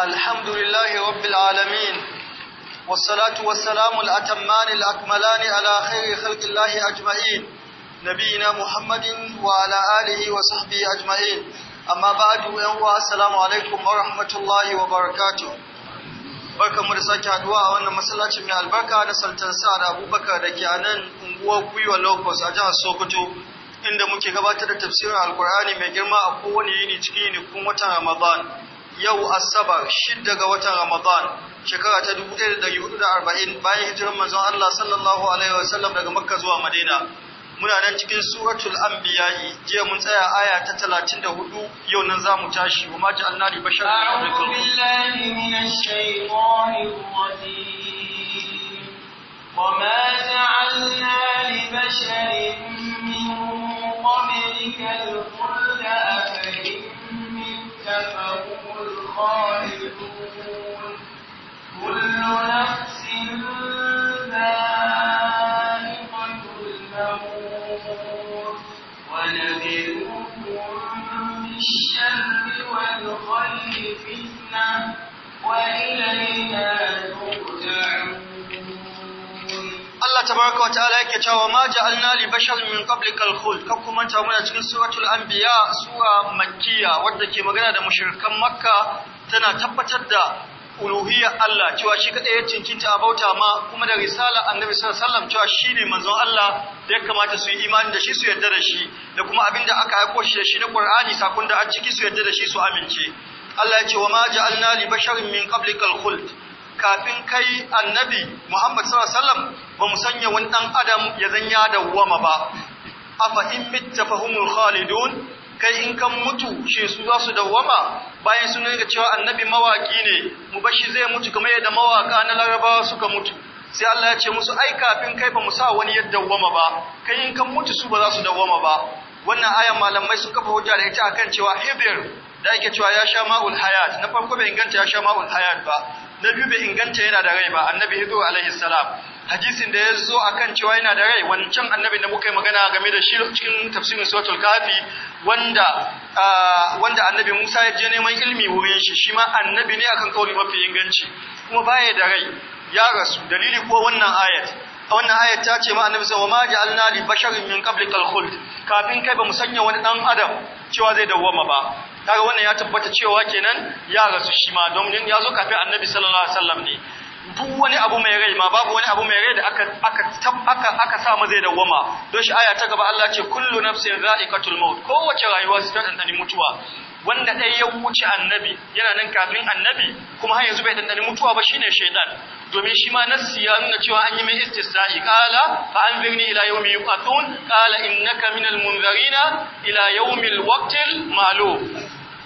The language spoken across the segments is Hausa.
الحمد لله رب العالمين والصلاة والسلام الأتمان الأكملان على خير خلق الله أجمعين نبينا محمد وعلى آله وصحبه أجمعين أما بعد السلام عليكم ورحمة الله وبركاته Barka mu da sake haduwa a wannan masallacin mai albarka na Sultan da Abubakar da ke a nan unguwar Gwiwa Locust a jihar Sokoto inda muke gabatar da tafsirin Alkur'ani mai girma a kowane yini cikin yinikun watan Ramadan yau asabar shi ga watan ramadan shekara ta 1440 bayan hijirar manzon Allah sallallahu alaihi wasallam daga makka zuwa madina muna nan cikin suratul anbiya jiya mun tsaya aya ta 34 yau nan zamu tashi wa ma ja'alna da basharin a'udhu billahi minash shaitanir rajim wa ma ja'alna li basharin min qablika al فهم الخالدون كل نفس ذائقة الموت ونبلوكم بالشر والخير فتنة وإلينا ترجعون Allah tabaraka wataala yake cewa ma ja'alna li basharin min qablikal khuld Ka kuma ta muna cikin suratul anbiya sura makkiya wadda ke magana da mushrikan makka tana tabbatar da uluhiyyar Allah cewa shi kadai ya cincinta a bauta ma kuma da risala annabi sallallahu alaihi cewa cewa ne manzon Allah da ya kamata su yi imani da shi su yarda da shi da kuma abinda aka aiko shi da shi na Qur'ani sakon da a ciki su yarda da shi su amince Allah ya ce wa ma ja'alna li basharin min qablikal khuld kafin kai annabi Muhammad sallallahu alaihi wasallam ba mu sanya wani dan adam ya zanya da dawwama ba afa in mitta fahumul khalidun kai in kan mutu shi su za su dawwama bayan sun ga cewa annabi mawaki ne mu bashi zai mutu kamar yadda mawaka na larabawa suka mutu sai Allah ya ce musu ai kafin kai ba mu sa wani yadda wama ba kai in kan mutu su ba za su dawwama ba wannan aya malamai sun kafa hujja da ita akan cewa hibir da ake cewa ya sha ma'ul hayat na farko bai inganta ya sha ma'ul hayat ba na biyu bai inganta yana da rai ba annabi hidu alaihi salam hadisin da ya zo akan cewa yana da rai wancan annabi da muka yi magana game da shi cikin tafsirin suratul kafi wanda wanda annabi Musa ya je neman ilimi wurin shi shi ma annabi ne akan kauri mafi inganci kuma baya da rai ya rasu dalili ko wannan ayat wannan ayat ta ce ma annabi sallallahu alaihi wasallam ma ja'alna li basharin min qablikal khuld kafin kai ba mu sanya wani dan adam cewa zai dawwama ba kaga wannan ya tabbata cewa kenan ya rasu shi ma domin ya zo kafin annabi sallallahu alaihi wasallam ne duk wani abu mai rai ma babu wani abu mai rai da aka aka aka aka sa mu zai dawwama don shi aya ta gaba Allah ce kullu nafsin za'iqatul maut kowace rayuwa sai ta dan mutuwa wanda ɗaya ya wuce annabi yana nan kafin annabi kuma har yanzu bai dandani mutuwa ba shine shaidan domin shi ma nassi ya nuna cewa an yi mai istisra'i qala fa anzirni ila yawmi yuqatun qala innaka minal munzarina ila yawmil waqtil ma'lum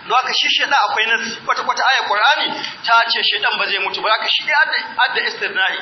don haka shi shaidan akwai nassi kwata kwata ayar qur'ani ta ce shaidan ba zai mutu ba haka shi da adda istisra'i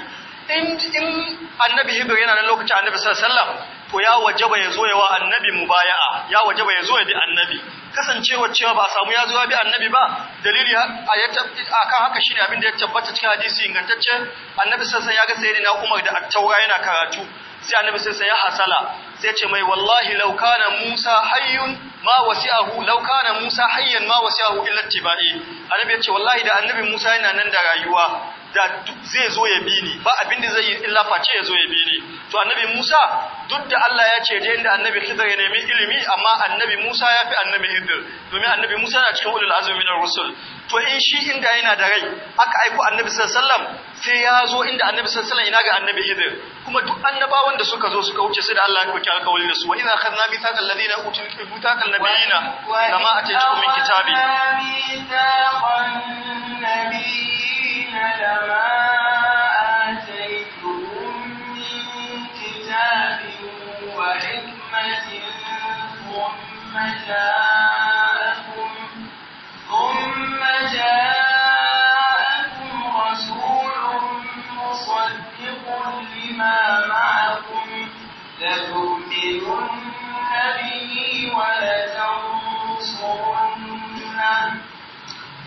in annabi hibir yana nan lokacin annabi sallallahu alaihi wasallam ko ya wajaba ya zo ya wa annabi mubaya'a ya wajaba ya zo ya bi annabi kasancewa cewa ba samu ya zo ya bi annabi ba dalili a kan haka shine abin da ya tabbata cikin hadisi ingantacce annabi sassan ya ga sayyidina Umar da at yana karatu sai annabi sassan ya hasala sai ce mai wallahi law kana Musa hayyun ma wasi'ahu law kana Musa hayyan ma wasi'ahu illa tibai annabi ya ce wallahi da annabi Musa yana nan da rayuwa da duk zai zo ya bi ni ba abin da zai yi illa face ya zo ya bi ni to annabi Musa duk da Allah ya ce je inda annabi Khidir ya nemi ilimi amma annabi Musa ya fi annabi Khidir domin annabi Musa na cikin ulul azmi minar rusul to in shi inda yana da rai aka aiko annabi sallallahu alaihi wasallam sai ya zo inda annabi sallallahu alaihi wasallam ina ga annabi Khidir kuma duk annabawan da suka zo suka wuce sai da Allah ya koki alƙawarin da su wa idza akhadna bi thaqal ladina utul mithaqal nabiyina kama ataytukum min kitabi على ما آتيتهم من كتاب وحكمة ثم جاءكم ثم جاءكم رسول مصدق لما معكم لتؤمنن به ولتنصرنه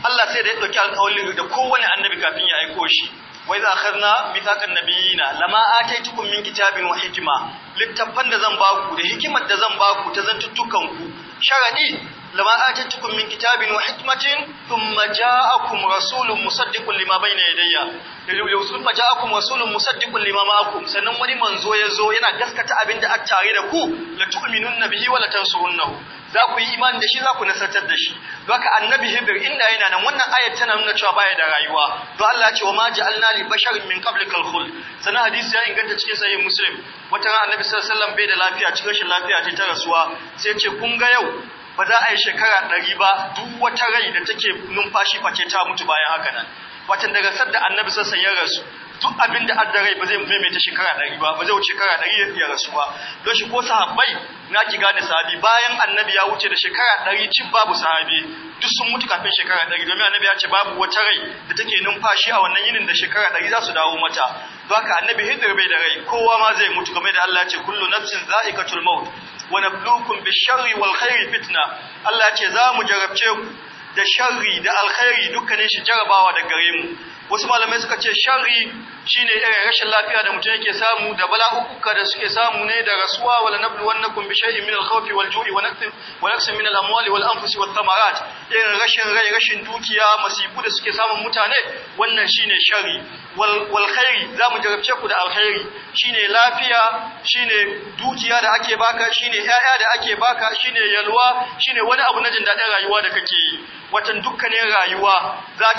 Allah sai da ya ɗauki da kowane kafin ya aiko shi wai za akhadna mithaqan na. lama ataitukum min kitabin wa hikma littafan da zan baku da hikimar da zan baku ta zantuttukan ku sharadi lama atatukum min kitabin wa hikmatin thumma ja'akum rasulun musaddiqun lima bayna yadayya thumma ja'akum rasulun musaddiqun lima ma'akum sannan wani manzo zo yana gaskata abin da tare da ku la tu'minunna bihi wa la tansurunnahu za ku yi imani da shi za ku nasartar da shi haka annabi hibir inda yana nan wannan ayat tana nuna cewa baya da rayuwa to Allah ya ce wa ma ja'alna li basharin min qablikal khuld sanan hadisi ya inganta cikin sahih muslim wata ran annabi sallallahu alaihi wasallam bai da lafiya cikin rashin lafiya ce ta rasuwa sai ce kun ga yau ba za a yi shekara ɗari ba duk wata rai da take numfashi face ta mutu bayan haka nan watan daga sadda annabi sassan ya rasu duk abin da an da rai ba zai maimaita shekara ɗari ba ba zai wuce shekara ɗari ya rasu ba don shi ko sahabbai na ki gane sahabi bayan annabi ya wuce da shekara ɗari cin babu sahabi duk sun mutu kafin shekara ɗari domin annabi ya ce babu wata rai da take numfashi a wannan yinin da shekara ɗari za su dawo mata don haka annabi hidir bai da rai kowa ma zai mutu game da Allah ya ce kullu nafsin za'ikatul maut wa nabluukum bish-sharri wal khairi fitna Allah ya ce za mu jarabce ku da sharri da alkhairi dukkanin shi jarabawa da gare mu wasu malamai suka ce sharri shine irin rashin lafiya da mutum yake samu da bala'ukuka da suke samu ne da rasuwa wala nablu wannakum bi min al-khawfi wal-ju'i wa naqsin wa naqsin min al-amwali wal-anfusi thamarat irin rashin rai rashin dukiya masifu da suke samun mutane wannan shine sharri wal khairi zamu jarabce ku da alkhairi shine lafiya shine dukiya da ake baka shine ƴaƴa da ake baka shine yalwa shine wani abu na jin daɗin rayuwa da kake yi watan dukkanin rayuwa za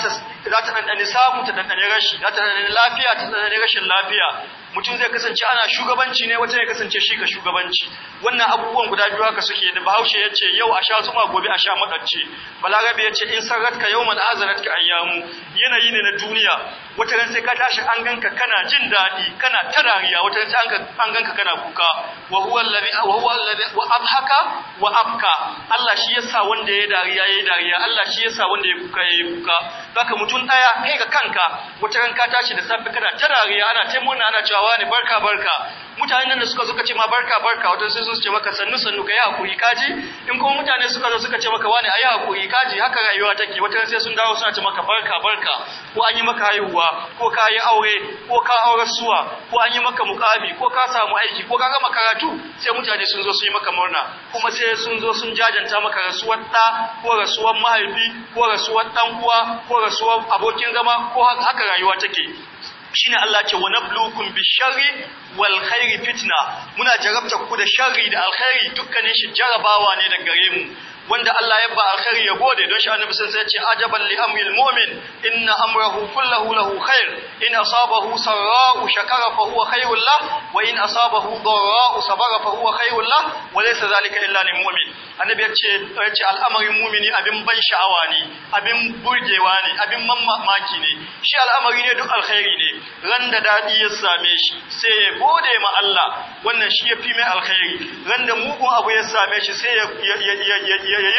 ta ɗanɗani samu ta ɗanɗani rashi za ta ɗanɗani lafiya ta ɗanɗani rashin lafiya mutum zai kasance ana shugabanci ne wata ya kasance shi ka shugabanci wannan abubuwan guda biyu haka suke da bahaushe ya ce yau a sha zuma gobe a sha maɗacce balarabe ya ce in sarratka yau man azaratka ayyamu yanayi ne na duniya wata ran sai ka tashi an ganka kana jin daɗi kana tarariya wata ran sai an ganka kana kuka wa huwa allazi wa huwa allazi wa abhaka wa abka Allah shi yasa wanda ya dariya dariya Allah shi yasa wanda ya kuka kuka Baka mutum ɗaya kai ga kanka wata ranka tashi da safe kana ta dariya ana ta murna ana cewa wani barka barka mutanen da suka zo suka ce ma barka barka wato sai sun ce maka sannu sannu kai hakuri kaji in kuma mutane suka zo suka ce maka wani ayi hakuri kaji haka rayuwa take wata sai sun dawo suna ce maka barka barka ko an yi maka haihuwa ko ka yi aure ko ka aure suwa ko an yi maka mukami ko ka samu aiki ko ka gama karatu sai mutane sun zo sun yi maka murna kuma sai sun zo sun jajanta maka rasuwar ɗa ko rasuwar mahaifi ko rasuwar ɗan uwa ko ko abokin zama ko haka rayuwa take shine Allah ce wa nabluukum bisharri wal khairi fitna muna jarabta ku da sharri da alkhairi dukkanin shi jarabawa ne daga gare mu wanda Allah ya ba alkhairi ya gode don shi annabi sai ya ce ajaban li amril mu'min inna amrahu kullahu lahu khair in asabahu sarra'u shakara fa huwa khairul lah wa in asabahu dharra'u sabara fa huwa khairul lah wa laysa dhalika illa lil mu'min annabi ya ce al'amarin mumini abin ban sha'awa ne abin burgewa ne abin mamaki ne shi al'amari ne duk alkhairi ne ran da daɗi ya same shi sai ya gode ma Allah wannan shi ya fi mai alkhairi ran da mugun abu ya same shi sai ya yi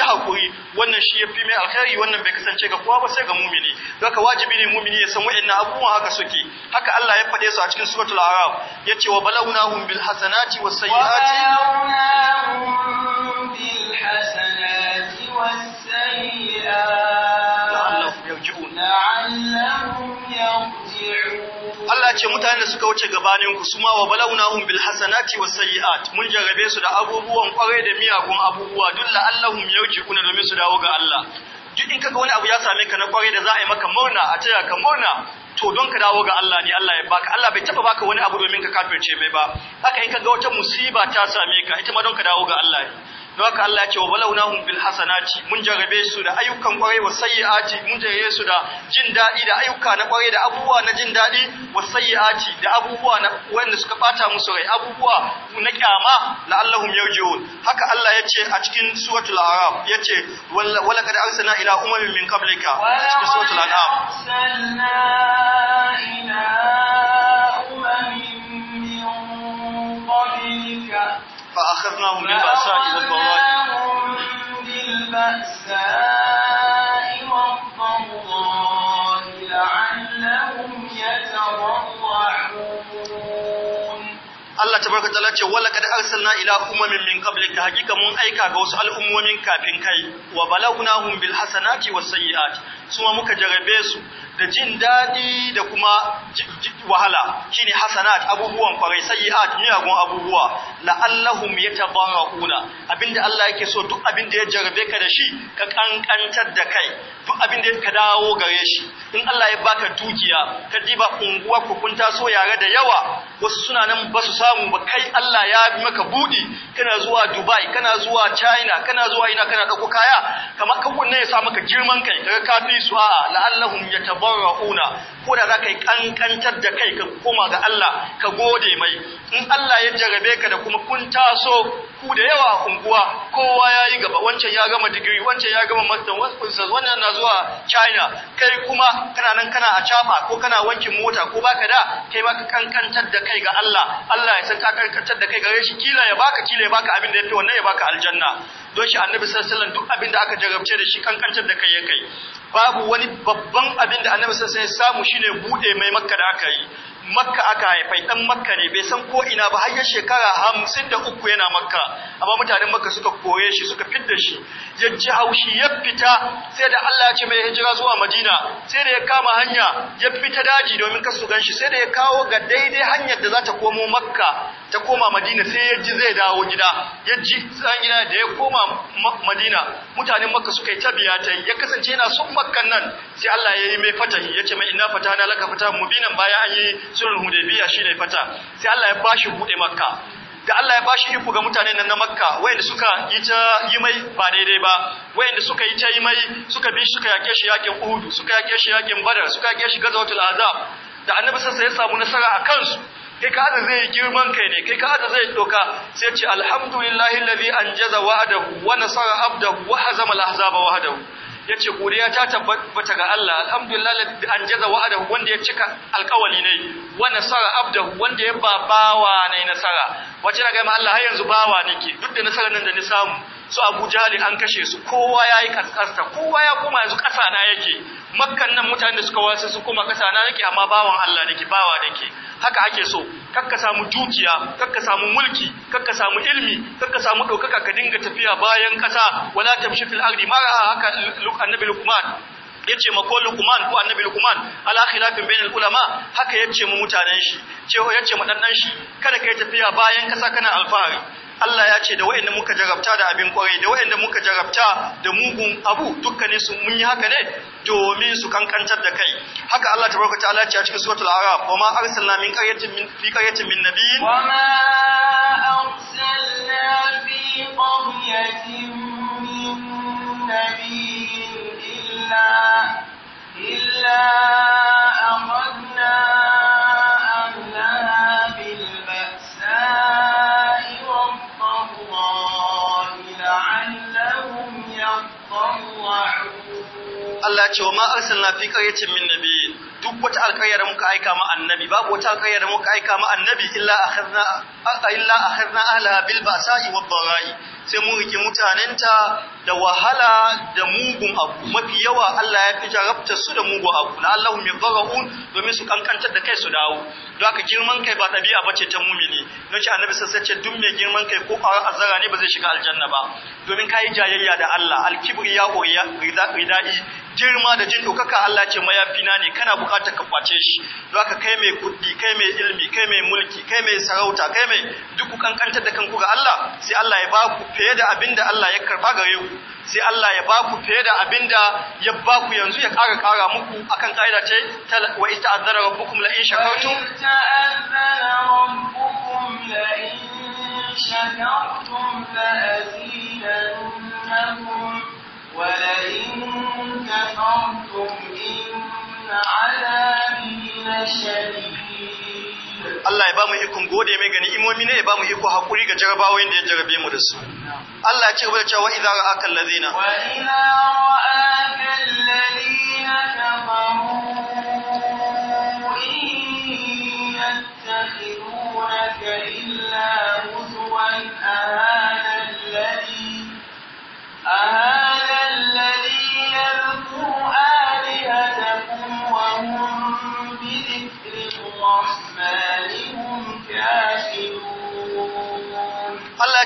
haƙuri wannan shi ya fi mai alkhairi wannan bai kasance ga kowa ba sai ga mumini zaka wajibi ne mumini ya san wa'annan abubuwan haka suke haka Allah ya faɗe su a cikin suratul araf ce wa balawnahum bil hasanati was sayyiati Allah ce mutanen da suka wuce gabanin ku ma wa balawnahum bil hasanati was sayiat mun jarrabe su da abubuwan kware da miyagun abubuwa duk la'allahum kuna domin su dawo ga Allah duk in kaga wani abu ya same ka na kware da za a yi maka murna a taya ka murna to don ka dawo ga Allah ne Allah ya baka Allah bai taba baka wani abu domin ka kafirce mai ba haka in kaga wata musiba ta same ka ita ma don ka dawo ga Allah ne don haka Allah ya ce wa balawnahum bil hasanati mun jarabe su da ayyukan kwarai wa sayyiati mun jarabe su da jin dadi da ayyuka na kwarai da abubuwa na jin dadi wa sayyiati da abubuwa na wanda suka bata musu rai abubuwa na kyama allahum yarji'un haka Allah ya ce a cikin suratul araf ya ce wala kad arsalna ila umamin min qablika cikin suratul an'am فأخذناهم بالبأساء والضراء لعلهم يتضرعون Allah tabaraka ta'ala ce wala kad arsalna ila umamin min ta hakika mun aika ga wasu al'ummomin kafin kai wa balawnahum bil hasanati was sayyi'ati suma muka jarabe su da jin daɗi da kuma wahala shine hasanat abubuwan kwarai sayi'at miyagun abubuwa la'allahum yatadarrauna abinda Allah yake so duk abinda ya jarabe ka da shi ka kankantar da kai duk abinda ya ka dawo gare shi in Allah ya baka dukiya ka diba unguwa ku kun taso yare da yawa wasu suna nan ba su samu ba kai Allah ya bi maka budi kana zuwa Dubai kana zuwa China kana zuwa ina kana dauko kaya kamar kakun ya sa maka girman kai kaga kafi su a'a la'allahum yatadarrauna yatadarrauna ko da zaka yi kankantar da kai ka koma ga Allah ka gode mai in Allah ya jarabe ka da kuma kun taso ku da yawa a unguwa kowa ya yi gaba wancan ya gama digiri wancan ya gama master wannan na zuwa China kai kuma kana nan kana a chapa ko kana wankin mota ko baka da kai ma ka kankantar da kai ga Allah Allah ya san ka kankantar da kai gare shi kila ya baka kila ya baka abin da fi wannan ya baka aljanna don shi annabi sallallahu alaihi wasallam duk abin da aka jarabce da shi kankantar da kai ya kai babu wani babban abin da annabi sallallahu alaihi samu shine bude mai makka da aka yi makka aka haifai dan makka ne bai san ko ina ba har ya shekara hamsin da yana makka amma mutanen makka suka koye shi suka fidda shi ya haushi ya fita sai da Allah ya ce mai hijira zuwa madina sai da ya kama hanya ya fita daji domin kasu gan shi sai da ya kawo ga daidai hanyar da za ta komo makka ta koma madina sai ya zai dawo gida ya ji gida da ya koma madina mutanen makka suka yi tabiya ta ya kasance yana son makkan nan sai Allah ya yi mai fatahi ya ce mai ina fatana laka fatahu mubinan bayan an yi sulhul hudaybiya shine fata sai Allah ya bashi bude makka da Allah ya bashi iko ga mutanen nan na makka wayanda suka yi ta yi mai ba daidai ba wayanda suka yi ta yi mai suka bi suka yake shi yakin uhud suka yake shi yakin badar suka yake shi gazawatul azab da annabi sassa ya samu nasara a kansu kai ka da zai girman kai ne kai ka da zai doka sai ce alhamdulillahi allazi anjaza wa'adahu wa nasara abdahu wa hazama al-ahzaba wahdahu yace godiya ta tabbata ga Allah alhamdulillah an jaza wa'ada wanda ya cika alkawali ne wa nasara abda wanda ya babawa ne nasara wace na ga Allah har yanzu bawa nake duk da nasarar nan da ni samu su abu jali an kashe su kowa ya yi karkarta kowa ya kuma yanzu ƙasa na yake makkan nan mutane da suka wasu su kuma ƙasa na yake amma bawan Allah ke, bawa ke. haka ake so kakka samu dukiya kakka samu mulki kakka samu ilmi kakka samu ɗaukaka ka dinga tafiya bayan ƙasa wala ta fi fil ardi mara haka annabi lukman yace ma ko lukman ko Annabi lukman ala khilafin bainal ulama haka yace mu mutanen shi ce yace ma dan shi kada kai tafiya bayan kasa kana alfahari Allah ya ce da wa'anda muka jarabta da abin kwarai da wa'anda muka jarabta da mugun abu dukkanin su mun yi haka ne domin su kankantar da kai haka Allah ta ta Allah ce a cikin suratul araf wa ma arsalna min qaryatin min fi qaryatin min nabiyyin wa ma arsalna fi qaryatin min nabiyyin illa Allah ce wa ma arsalna fi qaryatin min nabiyyin duk wata alƙarya da muka aika ma annabi babu wata alƙarya da muka aika ma annabi illa akhadna illa akhadna ahla bil ba'sa'i wad dara'i sai mun rike mutanenta da wahala da mugun abu mafi yawa Allah ya fi jarabta su da mugun abu la Allahum yadra'un domin su kankantar da kai su dawo don haka girman kai ba ɗabi'a bace ta mumini Na ce annabi sassa ce duk mai girman kai ko a azara ne ba zai shiga aljanna ba domin kayi jayayya da Allah alkibri ya koya ridai girma da jin dokaka Allah ce na ne kana bukatar ka kwace shi don haka kai mai kuɗi kai mai ilmi kai mai mulki kai mai sarauta kai mai duk kankantar da kanku ga Allah sai Allah ya ba ku fiye da abinda Allah ya karba gare ku sai Allah ya baku fiye da abinda ya baku yanzu ya kara kara muku akan kaida ce wa ista'azzara rabbukum la in shakartum rabbukum la in shakartum la azidannakum wa la in Allah ya ba mu ikon gode mai gani imomi ne ya ba mu iko hakuri ga jarabawoyin da ya jarabe mu da su Allah ya ce gaba da cewa idza ra'aka allazina wa idza ra'aka allazina kafaru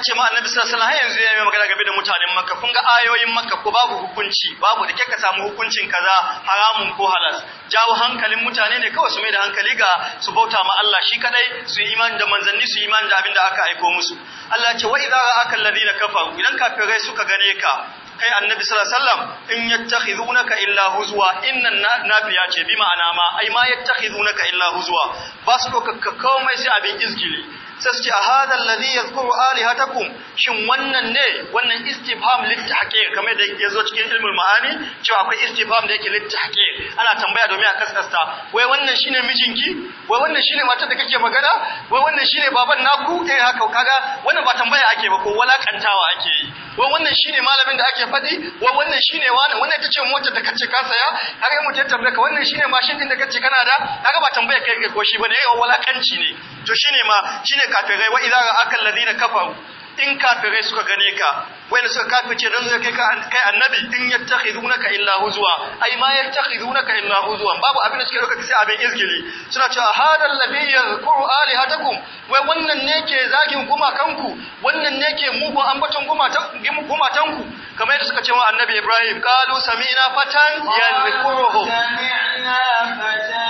ce ma annabi sallallahu alaihi wasallam yanzu yayi magana game da mutanen makka kun ga ayoyin makka ko babu hukunci babu da kika samu hukuncin kaza haramun ko halas jawo hankalin mutane ne kawai su mai da hankali ga su bauta ma Allah shi kadai su yi imani da manzanni su yi imani da abinda aka aiko musu Allah ce wa idza ra'aka alladhina kafaru idan kafirai suka gane ka kai annabi sallallahu alaihi wasallam in yattakhizunaka illa huzwa innan nafiya ce bi ma'ana ma ai ma yattakhidunaka illa huzwa ba su dokaka mai sai abin izgili sai a hadha alladhi yadhkuru alihatakum shin wannan ne wannan istifham littahqiq kamar da yake zo cikin ilmul ma'ani cewa akwai istifham da yake littahqiq ana tambaya domin a kaskasta wai wannan shine mijinki wai wannan shine matar da kake magana wai wannan shine baban naku eh haka kaga wannan ba tambaya ake ba ko walakantawa ake wai wannan shine malamin da ake fadi wai wannan shine wannan motar da kace ka saya har yi mutum tambaye ka wannan shine mashin din da kace kana da kaza kaga ba tambaya kai kai ko shi bane ai eh, walakanci ne to shine ma shine kafirai wa idza ra'aka alladhina kafaru in kafirai suka gane ka wanda suka kafirce don zai kai kai annabi in yattakhidunaka illa huzwa ai ma yattakhidunaka illa huzwa babu abin da suke doka sai abin izgili suna cewa hadal ladhi yazkuru alihatakum wai wannan ne ke zakin guma kanku wannan ne ke mugu ambaton guma ta guma tanku kamar yadda suka ce wa annabi Ibrahim qalu sami'na fatan yadhkuruhu sami'na fatan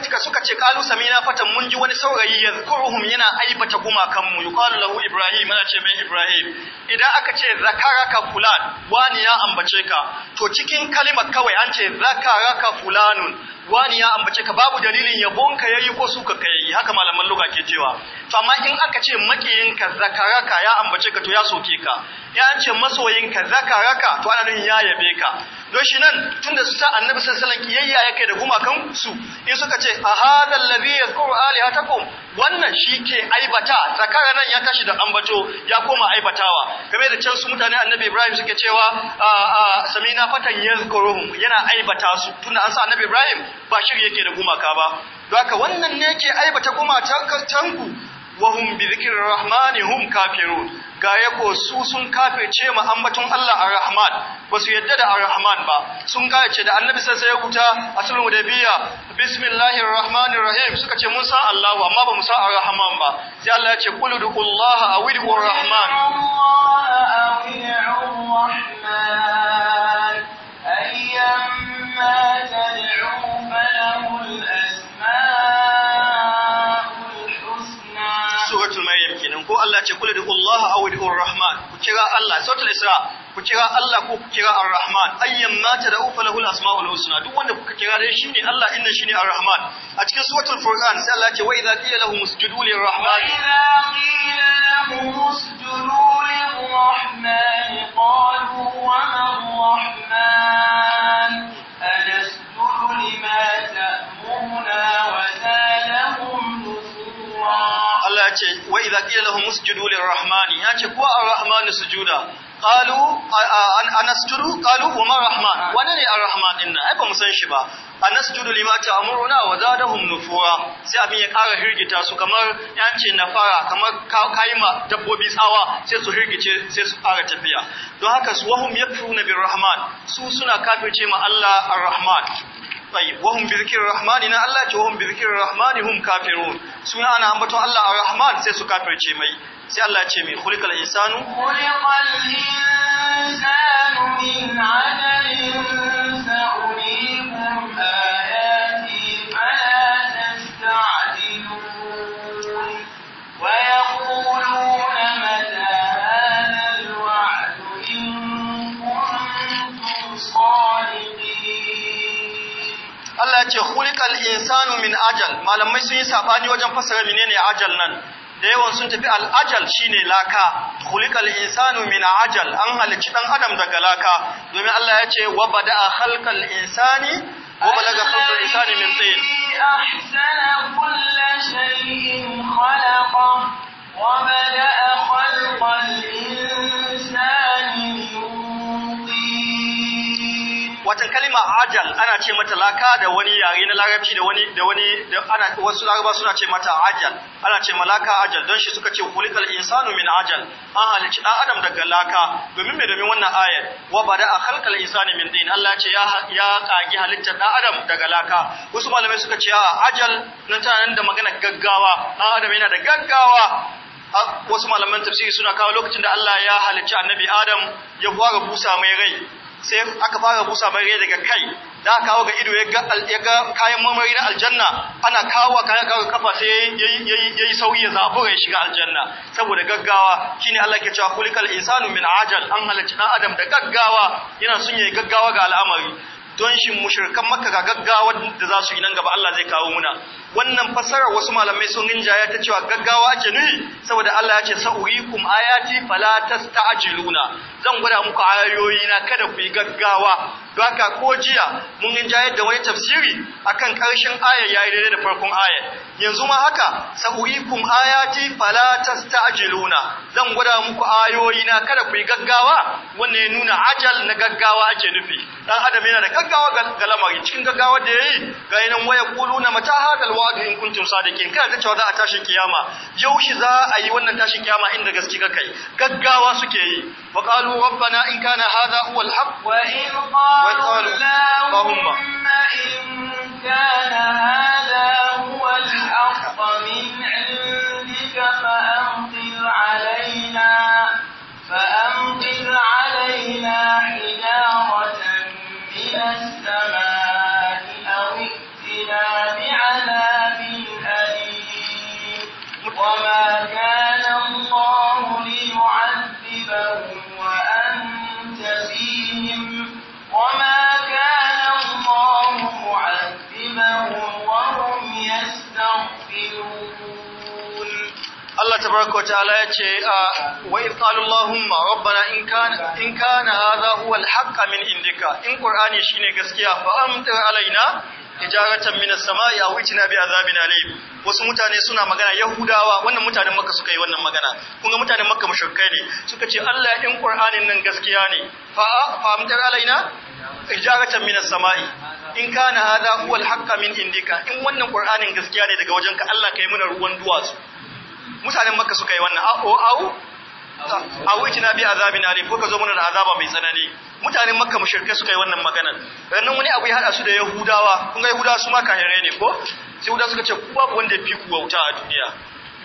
suka cika suka ce kalu samina fatan mun ji wani saurayi yazkuruhum yana aibata gumakan mu yuqalu lahu ibrahim ana ce mai ibrahim idan aka ce zakaraka fulan wani ya ambace ka to cikin kalimar kawai an ce zakaraka fulanun wani ya ambace ka babu dalilin yabonka yayi ko suka kai haka malaman lugha ke cewa to amma in aka ce makiyinka zakaraka ya ambace ka to ya soke ka Ya an ce masoyinka raka to ana nufin ya yabe ka don shi nan tunda su sa annabi sallallahu alaihi wasallam kiyayya yake da gumakan su in suka ce a hadal ladhi yazkuru alihatakum wannan shi ke aibata zakara nan ya tashi da ambato ya koma aibatawa game da can su mutane annabi Ibrahim suke cewa samina fatan yazkuruhum yana aibata su tunda an sa annabi Ibrahim ba shiri yake da gumaka ba don haka wannan ne ke aibata gumaka tanku wahum bi zikri rahmani hum kafirun ga yako su sun kafirce ma ambaton Allah a rahman ba su yadda da ar-Rahman ba sun ce da Annabi sai sai kuta asulul hudabiya bismillahir rahmanir rahim suka ce mun san Allah amma ba mu san ar-Rahman ba sai Allah ya ce qul du'ullaha aw du'ur rahman Allah rahman ayyamma tad'u Allah ce kula da Allah aw da Rahman ku kira Allah sautul Isra ku kira Allah ko ku kira Ar-Rahman ayyan ma tad'u falahul asmaul husna duk wanda kuka kira dai ne Allah inna shine Ar-Rahman a cikin suratul Furqan sai Allah ce wa idza qila lahum usjudu lir-Rahman wa idza qila lir-Rahman qalu wa ar-Rahman wa idza qila lahum usjudu lirrahmani yace ko arrahmanu sujuda qalu anasjudu qalu wa ma rahman wane ne arrahman din nan ai ba mu san shi ba anasjudu lima ta'muruna wa zadahum nufura sai abin ya ƙara hirgita su kamar yace nafara kamar kaima dabbobi tsawa sai su hirgice sai su ƙara tafiya don haka su wahum yakfuruna birrahman su suna kafirce ma Allah arrahman tayyib wa hum bi rahmani na Allah ce wa hum bi dhikri rahmani hum kafirun ana ambaton Allah ar-rahman sai su kafirce mai sai Allah ce mai khuliqal insanu khuliqal insanu Allah ya ce khuliqal insanu min ajal malamai sun yi sabani wajen fassara menene ajal nan da yawan sun tafi al'ajal shine laka khuliqal insanu min ajal an halicci dan adam daga laka domin Allah ya ce wa bada'a khalqal insani wa balaga khalqal insani min tin ahsana kullu shay'in khalaqa wa bada'a khalqal kalma ajal ana ce mata laka da wani yare na larabci da wani da wani ana wasu laraba suna ce mata ajal ana ce malaka ajal don shi suka ce kulikal insanu min ajal an halici dan adam daga laka domin me domin wannan ayat wa bada khalqal insani min din Allah ce ya ya kagi halitta dan adam daga laka wasu malamai suka ce a ajal nan tana nan da magana gaggawa dan adam yana da gaggawa wasu malaman tafsiri suna kawo lokacin da Allah ya halicci annabi Adam ya fara busa mai rai sai aka fara busa mai daga kai da aka kawo ga ido ya ga kayan marmari na aljanna ana kawo kayan kawo kafa sai ya yi sauyi ya zabura ya shiga aljanna saboda gaggawa shine Allah ke cewa kulikal insanu min ajal an halarci dan adam da gaggawa yana sun yayi gaggawa ga al'amari don shi mushrikan makka ga gaggawa da za su yi nan gaba Allah zai kawo muna wannan fasarar wasu malamai sun rinjaya ta cewa gaggawa ake nuhi saboda Allah ya ce sa'urikum ayati fala tasta'jiluna zan gwada muku ayoyi na kada ku yi gaggawa don haka ko jiya mun rinjayar da wani tafsiri akan karshen aya yayi daidai da farkon aya yanzu ma haka sa'urikum ayati fala tasta'jiluna zan gwada muku ayoyi na kada ku yi gaggawa wannan ya nuna ajal na gaggawa ake nufi dan adam yana da gaggawa ga lamari cikin gaggawa da yayi ga yanan waya kuluna mata hadal alwa'du in kuntum sadiqin kana ta cewa za a tashi kiyama yaushe za a yi wannan tashin kiyama inda gaske ka kai gaggawa suke yi wa qalu rabbana in kana hadha huwa alhaq wa in qalu allahumma in kana hadha huwa alhaq min indika fa amtir alaina fa tabaraka wa ta'ala ya ce wa idh qala allahumma rabbana in kana in kana hadha huwa al-haqq min indika in qur'ani shine gaskiya fa amtir alaina hijaratan min as-sama'i aw itina bi azabin alim wasu mutane suna magana yahudawa wannan mutanen makka suka yi wannan magana kun ga mutanen makka mushrikai ne suka ce Allah in qur'anin nan gaskiya ne fa fa amtir alaina hijaratan min as-sama'i in kana hadha huwa al min indika in wannan qur'anin gaskiya ne daga wajenka Allah kai muna ruwan duwatsu mutanen makka suka yi wannan au au au na bi azabin alim ko ka zo mana da azaba mai tsanani mutanen makka mushrikai suka yi wannan maganar ranan wani abu ya hada su da yahudawa kun ga yahudawa su ma kahirai ne ko sai yahudawa suka ce ku babu wanda ya fi ku wauta a duniya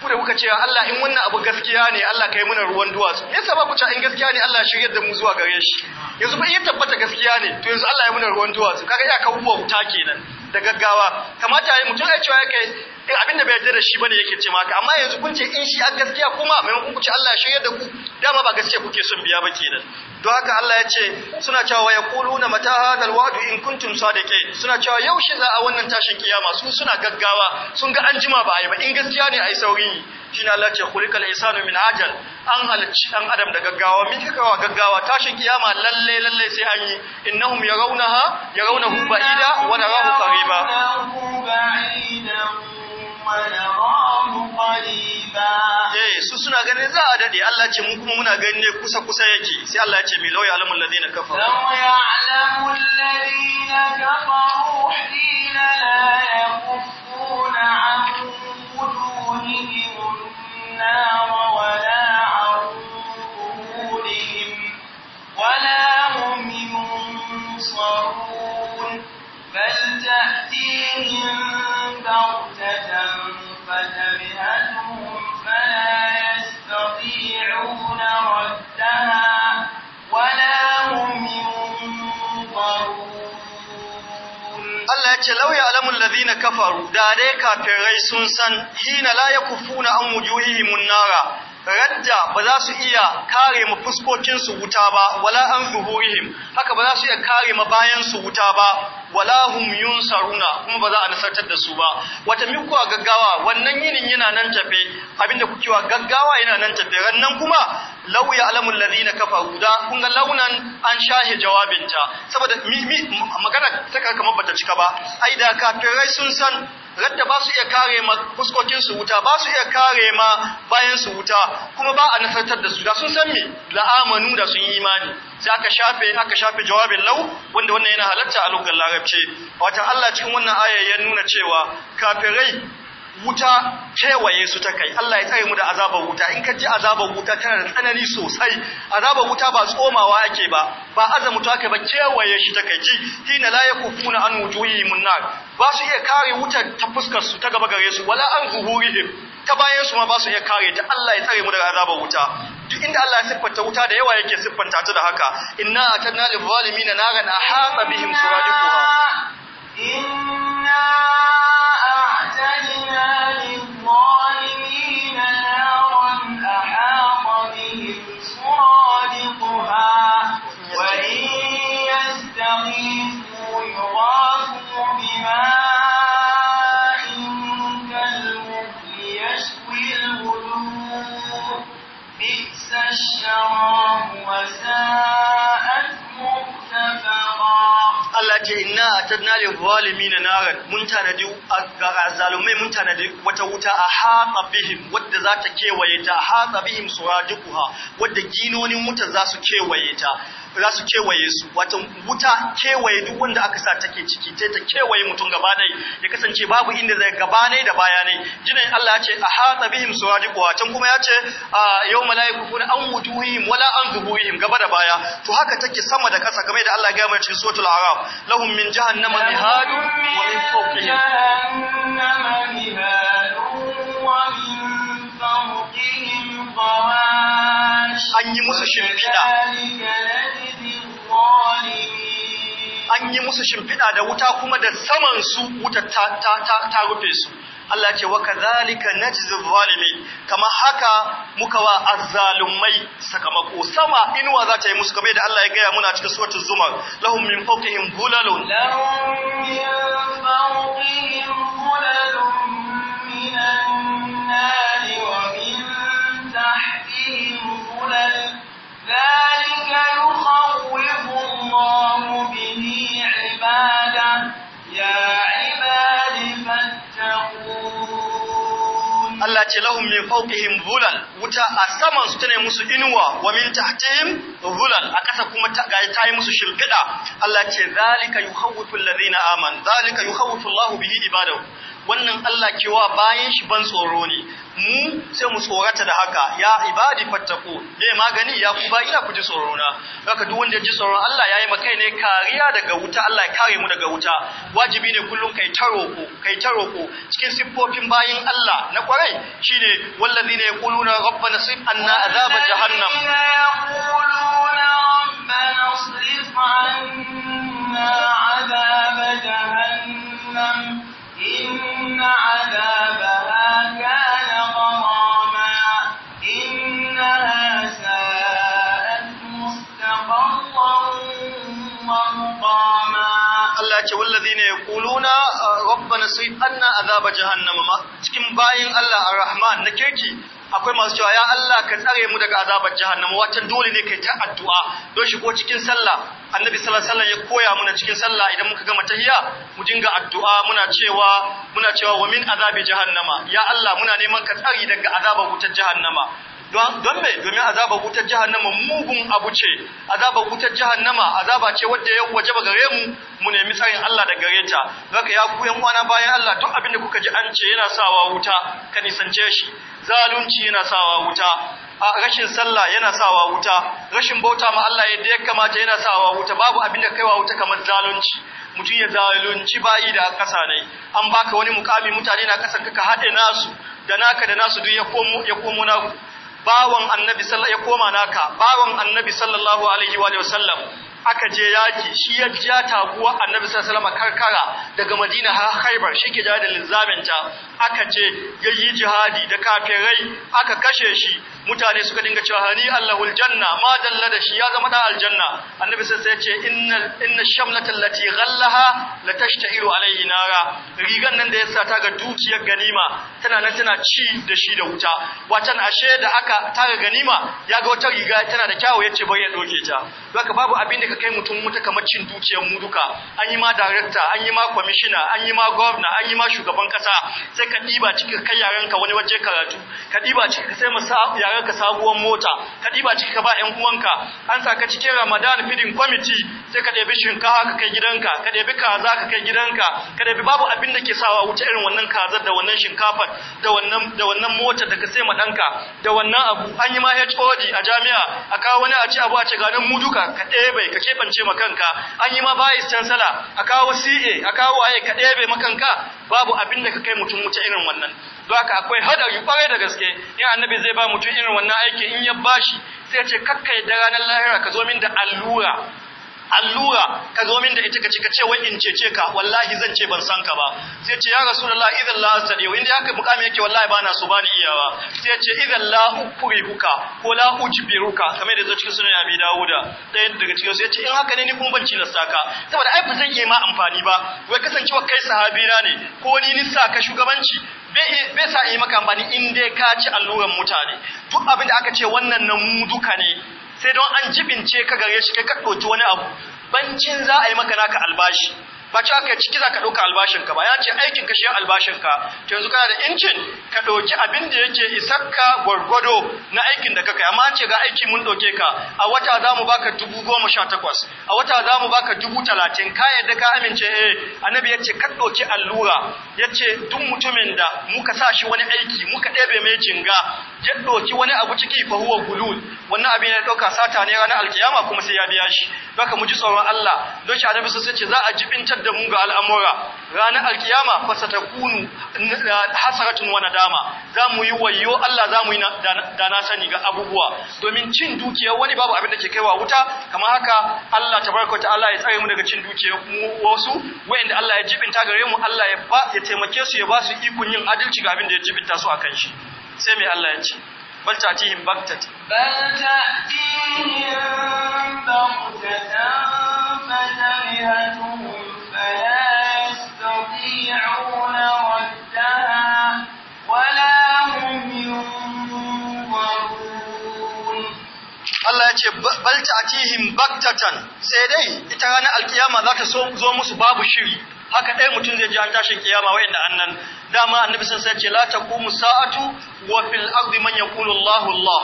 ku da kuka ce Allah in wannan abu gaskiya ne Allah kai mana ruwan duwatsu me yasa ba ku ce in gaskiya ne Allah shirye da mu zuwa gare shi yanzu ba iya tabbata gaskiya ne to yanzu Allah ya mana ruwan duwatsu kaga ya kawo wuta kenan da gaggawa kamata ya mutum ya cewa yake in eh, abin da bai yarda da shi bane yake ce maka amma yanzu kun ce in eh, shi a gaskiya kuma mai ku ce Allah ya shirya da ku dama ba gaskiya kuke son biya ba kenan don haka Allah ya ce suna cewa ya na mata hadal wa'du in kuntum sadiqin suna cewa yaushe za a wannan tashin kiyama su suna gaggawa sun ga anjima jima ba a ba in gaskiya ne a yi sauri shi na Allah ce khuliqal insanu min ajal an halarci ɗan adam da gaggawa min kakawa gaggawa tashin kiyama lalle lalle sai an yi innahum yarawnaha yarawnahu ba'ida wa narahu qariba Eh su suna ganin za a dade Allah ce mun kuma muna ganin ne kusa kusa yake sai Allah ya ce mai lawa ya'lamul ladina kafaru kafa ya'lamul ladina kafaru hina la an wujuhihim nara بغتة فتبهتهم فلا يستطيعون ردها ولا هم ينظرون Allah ya ce lau ya alamun lazina kafaru da dai rai sun san hina la yakufuna an wujuhihim nara radda ba za su iya kare fuskokin su wuta ba wala an zuhurihim haka ba za su iya kare ma bayansu wuta ba wala hum yunsaruna kuma ba za a nasartar da su ba wata mikuwa gaggawa wannan yinin yana nan tafe abinda kuke wa gaggawa yana nan tafe rannan kuma law ya'lamu alladhina kafaru da kun ga launan an shahe jawabinta saboda magana ta kamar bata cika ba ai da kafirai sun san radda ba su iya kare ma fuskokin su wuta ba su iya kare ma bayan su wuta kuma ba a nasartar da su da sun san me la'amanu da sun yi imani sai aka shafe aka shafe jawabin lau wanda wannan yana halatta a lokacin larabci wata Allah cikin wannan aya ya nuna cewa kafirai wuta kewaye su ta kai Allah ya tsare mu da azabar wuta in ka ji azabar wuta tana da tsanani sosai azabar wuta ba tsomawa ake ba ba azamu ta kai ba kewaye shi ta kai ji hina la yakufuna an wujuhihim munna ba su iya kare wuta ta fuskar su ta gaba gare su wala an zuhurihim ta bayan su ma ba su iya kare ta Allah ya tsare mu daga azabar wuta duk inda Allah ya siffanta wuta da yawa yake siffanta ta da haka inna atanna lil zalimin naran ahata bihim suradiquha inna a'tadna lil zalimin naran mun tanadi azalumai mun tanadi wata wuta a hata bihim wadda za ta kewaye ta hata bihim suradiquha wadda ginonin wuta za su kewaye ta za su kewaye su wata wuta kewaye duk wanda aka sa take ciki ta ta kewaye mutum gaba dai ya kasance babu inda zai gaba ne da baya ne jinin Allah ya ce ahata bihim suradiquha can kuma ya ce yau kuna an wujuhihim wala an zubuhihim gaba da baya to haka take sama da kasa kamar da Allah ya gaya cikin suratul araf lahum min jahannama mihadu wa min fawqihim jahannama mihadu wa an yi musu shimfiɗa an yi musu shimfiɗa da wuta kuma da samansu su wuta ta, ta, ta, rufe su Allah ce wa kadhalika najzi zalimi kama haka muka wa azzalumai sakamako sama inuwa za ta yi musu kamar da Allah ya gaya muna cikin suratul zumar lahum min fawqihim dhulalun lahum min fawqihim dhulalun min an-nar wa min tahtihim dhulal dhalika yukhawwifu الله به عباده يا عباد فاتقون الله ce lahum min fawqihim dhulal wuta a saman su tana musu inuwa wa min tahtihim dhulal a ƙasa kuma ta ga ta yi musu shimfida Allah ce zalika yukhawwifu alladhina amanu zalika yukhawwifu Allahu bihi ibadahu wannan Allah kewa bayan shi ban tsoro ne mu sai mu tsorata da haka ya ibadi fattaku ne magani ya ku ina ku ji tsoro na haka duk wanda ya ji tsoron Allah ya yayi maka ne kariya daga wuta Allah ya kare mu daga wuta wajibi ne kullun kai taro ku kai taro ku cikin siffofin bayin Allah na kwarai shine wallazina yaquluna rabbana sif anna azab jahannam yaquluna rabbana sif anna azab jahannam rabbana sai anna azaba jahannama ma cikin bayin Allah ar-Rahman na kirki akwai masu cewa ya Allah ka tsare mu daga azabar jahannama watan dole ne kai ta addu'a don shigo cikin sallah annabi sallallahu alaihi wasallam ya koya muna cikin sallah idan muka gama tahiyya mu dinga addu'a muna cewa muna cewa wa min azabi jahannama ya Allah muna neman ka tsare daga azabar wutar jahannama don me domin azabar wutar jahannama mugun abu ce azabar wutar jahannama azaba ce wadda ya ba gare mu mu nemi tsarin Allah da gare ta zaka ya ku yan uwana bayan Allah duk abin da kuka ji an ce yana sawa wuta ka nisance shi zalunci yana sawa wuta rashin sallah yana sawa wuta rashin bauta ma Allah yadda ya kamata yana sawa wuta babu abin da kaiwa wuta kamar zalunci mutum ya zalunci bayi da kasa ne an baka wani mukami mutane na kasa ka haɗe nasu da naka da nasu duk ya komo ya komo naku bawan annabi sallallahu ya koma naka bawan annabi sallallahu alaihi wa sallam aka je yaki shi ya ja taguwa annabi sallallahu alaihi karkara daga madina har haibar shi ke ja da linzamin ta aka ce yayi jihadi da kafirai aka kashe shi mutane suka dinga cewa hani allahul janna ma dalla da shi ya zama da aljanna annabi sai ya ce innal inna shamlata allati ghallaha la tashtahiru alayhi nara rigan nan da ya ta ga dukiyar ganima tana nan tana ci da shi da wuta watan ashe da aka tara ganima ya ga wata riga tana da kyawu yace bari ya doke ta haka babu abin da ka kai mutum mutu kamar cin dukiyar mu duka an yi ma darakta an yi ma kwamishina an yi ma gwamna an yi ma shugaban kasa sai ka ɗiba cikin kai yaran ka wani waje karatu ka ɗiba cikin ka sai mu yaran ka sabuwar mota ka ɗiba cikin ka ba ƴan uwanka an sa ka cikin Ramadan feeding committee sai ka ɗebi shinkafa ka kai gidanka ka ɗebi kaza ka kai gidanka ka ɗebi babu abin da ke sawa wuce irin wannan kazar da wannan shinkafar da wannan da wannan mota da ka sai ma ɗanka da wannan abu an yi ma HOD a jami'a a kawo wani a ci abu a ce ganin mu duka ka ɗebe ka kebance makanka an yi ma bayis sala a kawo CA a kawo waye ka ɗebe makanka babu abin da ka kai mutum wuce irin wannan don haka akwai hadari kwarai da gaske in annabi zai ba mutum irin wannan aikin in ya bashi sai ya ce kakkai da ranar lahira ka zo min da allura allura ka zo min da ita ka ci ka ce wai in cece ka wallahi zan ce ban san ka ba sai ce ya rasulullah idan la astadi inda aka mukami yake wallahi bana so bani iyawa sai ce idan la ukrihuka ko la ujbiruka kamar da zo cikin sunan abi da daya daga cikin sai ce in haka ne ni kuma ban na ka saboda ai ba zan yi ma amfani ba wai kasancewa kai na ne ko ni nisa ka shugabanci bai sa yi maka amfani in dai ka ci alluran mutane duk abin da aka ce wannan nan mu duka ne sai don an jibince ka gare shi kai ka ɗauki wani abu bancin za a yi maka naka albashi ba ci aka ciki za ka ɗauka albashinka ba ya ce aikin ka shi albashinka to yanzu kana da incin ka ɗauki abin da yake isarka gwargwado na aikin da ka kai amma ce ga aiki mun ɗauke ka a wata za mu baka dubu goma sha takwas a wata za mu baka dubu talatin ka yadda ka amince eh annabi ya ce ka allura ya ce duk mutumin da muka sa shi wani aiki muka ɗebe mai jinga Jaddoki wani abu ciki fa huwa gulul wannan abin ya dauka sata ne ranar alkiyama kuma sai ya biya shi baka mu ji tsoron Allah don shi annabi sai ce za a jibintar da mu ga al'amura ranar alkiyama fa Kunu, eh, hasaratun wa nadama za mu yi wayo Allah za mu yi da na sani ga abubuwa domin cin dukiya wani babu abin da ke kaiwa wuta kamar haka Allah tabaraka ta'ala ya tsare mu daga cin dukiya wasu wayanda Allah ya jibinta gare mu Allah ya taimake su ya ba su ikon yin adalci ga abin da ya jibinta su akan shi sai mai Allah ya ce bal ta'tihim baktat bal ta'tihim baghtatan fatarihatuhum fala wala Allah ya ce bal ta'tihim baktatan sai dai ita ranar alkiyama za ta zo musu babu shiri haka ɗaya mutum zai ji an tashin kiyama inda annan dama annabi sun sai ce la taqumu sa'atu wa fil ardi man yaqulu Allahu Allah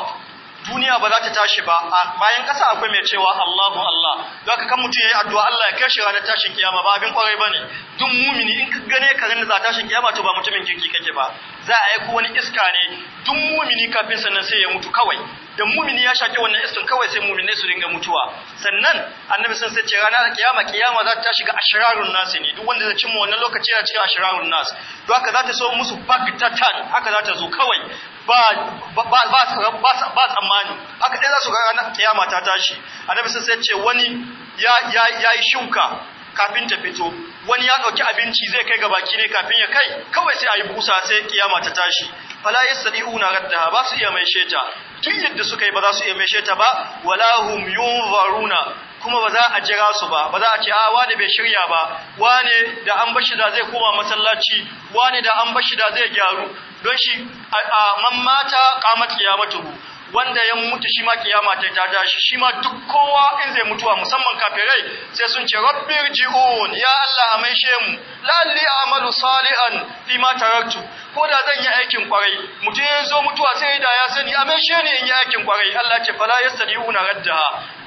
duniya ba za ta tashi ba bayan ƙasa akwai mai cewa Allahu Allah haka kan mutum yayi addu'a Allah ya kai shi ranar tashin kiyama ba abin kwarai bane duk mumini in ka gane ka ranar tashin kiyama to ba mutumin kirki kake ba za a aiko wani iska ne duk mumini kafin sannan sai ya mutu kawai da mumini ya shake wannan iskan kawai sai mumini su dinga mutuwa sannan annabi sun sai ce ranar kiyama kiyama za ta tashi ga ashrarun nas ne duk wanda zai cimma wannan lokaci ya cikin ashrarun nas to haka za ta so musu bagtatan haka za ta zo kawai ba tsammani haka dai za su ga ranar kiyama ta tashi annabi sun sai ce wani ya ya yi shuka kafin ta fito wani ya dauki abinci zai kai ga baki ne kafin ya kai kawai sai ayi busa sai kiyama ta tashi fala yasdiuna raddaha ba su iya mai sheta tun yadda suka yi ba za su iya mai sheta ba wala hum yunzaruna kuma ba za a jira su ba ba za a ce a wani bai shirya ba wani da an bashi da zai koma masallaci wani da an bashi da zai gyaru don shi a mamata qamat kiyamatu wanda ya mutu shi ma kiyama ta ta tashi shi ma duk kowa in zai mutuwa musamman kafirai sai sun ce rabbir ji'un ya Allah a mu lalli amalu salihan fi ma taraktu ko da zan yi aikin kwarai mutum ya zo mutuwa sai da ya sani a ni in yi aikin kwarai Allah ce fala yastadiuna radda.